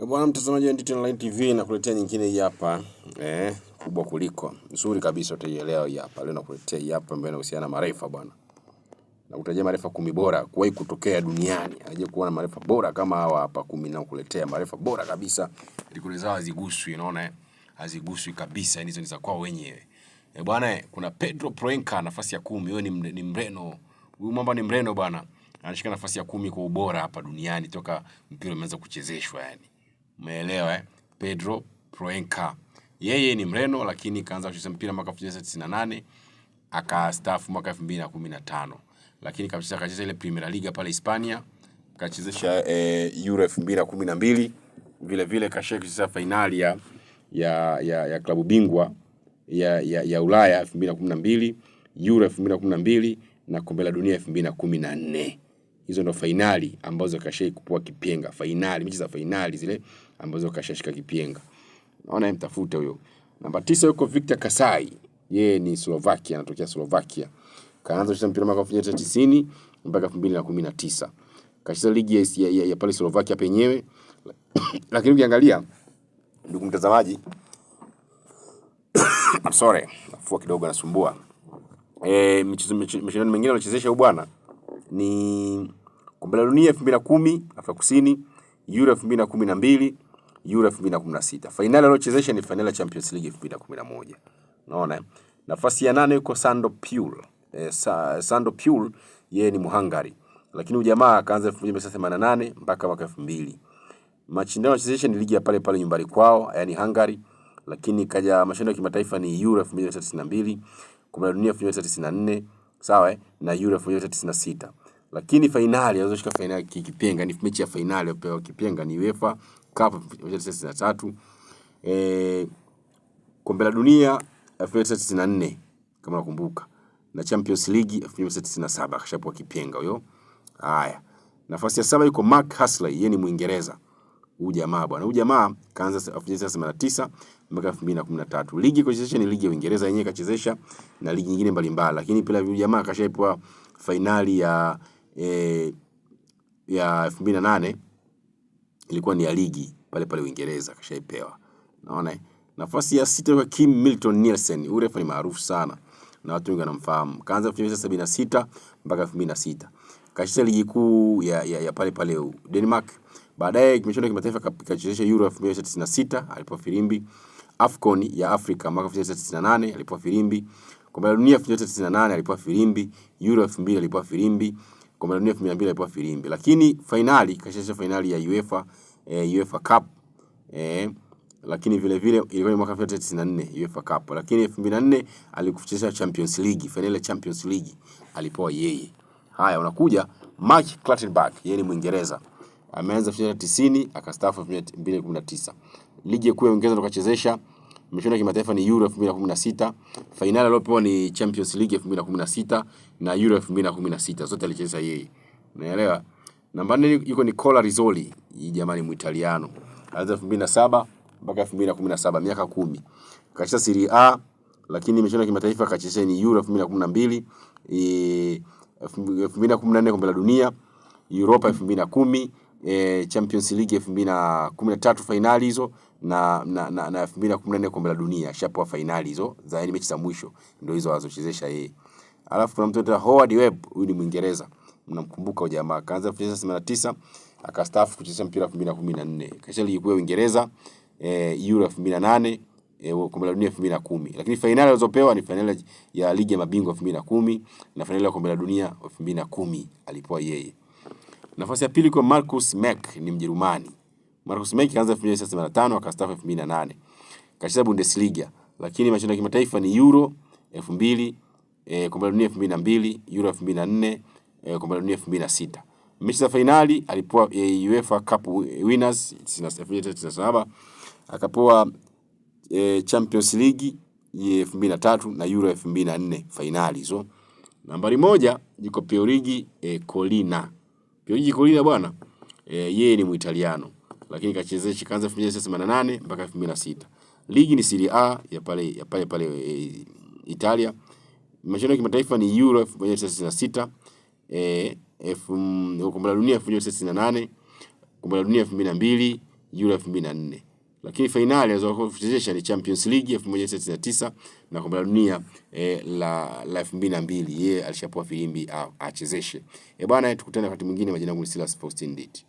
Eh, bwana mtazamaji wa Nditi Online TV nakuletea nyingine hii hapa eh, kubwa kuliko nzuri kabisa, utaielewa hii hapa leo. Nakuletea hii hapa ambayo inahusiana na marefa bwana, na kutajia marefa kumi bora kuwahi kutokea duniani. Aje kuona marefa bora kama hawa hapa kumi, na kukuletea marefa bora kabisa, rekodi zao haziguswi, unaona eh? haziguswi kabisa, yaani hizo ni za kwao wenyewe eh bwana. Eh, kuna Pedro Proenka nafasi ya kumi, huyo ni mreno, huyu mamba ni mreno bwana, anashika nafasi ya kumi kwa ubora hapa duniani toka mpira umeanza kuchezeshwa yani Umeelewa eh? Pedro Proenka yeye ni Mreno lakini kaanza kucheza mpira mwaka 1998 akastaafu mwaka 2015, lakini kabisa akacheza ile Premier League pale Hispania, kachezesha eh, Euro 2012 vile vile kashia kucheza finali ya, ya, ya, ya klabu bingwa ya, ya, ya Ulaya 2012, Euro 2012 na kombe la dunia 2014 hizo ndo fainali ambazo kashai kupua kipenga, fainali, mechi za fainali zile ambazo kashashika kipenga. Naona mtafuta huyo. Namba tisa yuko Victor Kasai, yeye ni Slovakia, anatokea Slovakia. Kaanza kucheza mpira mwaka 1990 mpaka 2019. kashisa ligi ya, ya, ya, ya pale Slovakia penyewe. Lakini ukiangalia ndugu mtazamaji, I'm sorry, afua kidogo nasumbua. Eh, michezo mashindano mengine anachezesha huyu bwana ni kombe la dunia 2010 Afrika Kusini, Euro 2012, Euro 2016. Fainali aliochezesha ni fainali ya Champions League 2011. Unaona? Eh? Nafasi ya nane yuko Sando Pule. Eh, sa, Sando Pule yeye ni Muhangari. Lakini ujamaa akaanza 1988 mpaka mwaka 2000. Mashindano aliochezesha ni ligi ya pale pale nyumbani kwao, yani Hungary, lakini kaja mashindano ya kimataifa ni Euro 1992, kombe la dunia 1994, sawa eh, na Euro 1996 lakini fainali alizoshika fainali kipenga ni mechi ya fainali aliyopewa kipenga ni UEFA Cup 1993 eh, kombe la dunia 1994 kama nakumbuka na Champions League 1997 kashapo kipenga huyo. Haya, nafasi ya saba yuko Mark Hasley, yeye ni Muingereza huyu jamaa bwana. Huyu jamaa kaanza 1989 mpaka 2013. Ligi kuchezesha ni ligi ya Uingereza yenyewe kachezesha na ligi nyingine mbalimbali, lakini pia huyu jamaa kashapo finali ya e, ya 2008 ilikuwa ni ya ligi pale pale Uingereza, kashaipewa. Naona eh? nafasi ya sita kwa Kim Milton Nielsen, huyu refa ni maarufu sana na watu wengi wanamfahamu. Kaanza kucheza sabini mpaka 2006. mbili ligi kuu ya, ya, ya pale pale Denmark. Baadaye kimecheza kimataifa kachezesha Euro 1996 alipo filimbi, Afcon ya Afrika mwaka 1998 alipo filimbi, kombe la dunia 1998 alipo filimbi, Euro 2000 alipo filimbi kwa la Dunia 2002 alipewa filimbi, lakini finali kashesha finali ya UEFA eh, UEFA Cup eh, lakini vile vile ilikuwa ni mwaka 1994 UEFA Cup, lakini 2004 alikuchezea Champions League, finali ya Champions League alipewa yeye. Haya, unakuja Mark Clattenburg, yeye ni Mwingereza, ameanza 1990 akastaafu 2019. Ligi kuu ya Uingereza ndo kachezesha michuano ya kimataifa ni Euro 2016, fainali aliyopewa ni Champions League 2016 na Euro 2016, zote alicheza yeye. Unaelewa? Namba 4 yuko Nicola Rizzoli, jamani Muitaliano. Alianza 2007 mpaka 2017, miaka kumi. Kacheza Serie A lakini michuano ya kimataifa kacheza ni Euro 2012, 2014 kombe la dunia, Europa 2010 e, Champions League 2013 finali hizo na na, na, na 2014 kombe la dunia shapo wa finali hizo za yani mechi za mwisho ndio hizo wazochezesha yeye. Alafu kuna mtu anaitwa Howard Webb, huyu ni Mwingereza, mnamkumbuka huyo jamaa, kaanza kucheza 89 akastaafu kucheza mpira 2014 kisha ligi kuu Uingereza eh, Euro 2008 eh, kombe la dunia 2010, lakini fainali alizopewa ni fainali ya ligi ya mabingwa 2010 na fainali ya kombe la dunia 2010 alipoa yeye. Nafasi ya pili kwa Marcus Meck ni Mjerumani. Marcus Meck alianza 1985 akastaafu 2008. Kacheza Bundesliga, lakini mashindano ya kimataifa ni Euro 2000, eh, kombe la dunia 2002, Euro 2004, eh, kombe la dunia 2006. Mechi za fainali alipoa eh, UEFA Cup Winners 1997, akapoa eh, Champions League 2003 na Euro 2004 finali hizo. So, nambari moja yuko Pierluigi eh, Collina. Giorgio Chiellini bwana e, yeye ni Muitaliano lakini kachezesha kaanza 1988 mpaka 2006. Ligi ni Serie A ya pale ya pale pale e, Italia. Mashindano ya kimataifa ni Euro 1996, eh, F kombe la dunia 1998, kombe la dunia 2002, Euro 2004 lakini fainali kuchezesha ni Champions League 1999 na kombe la dunia eh, la la 2002 yeye alishapoa filimbi achezeshe. E bwana, tukutane wakati mwingine. Majina yangu ni Silas Faustin Nditi.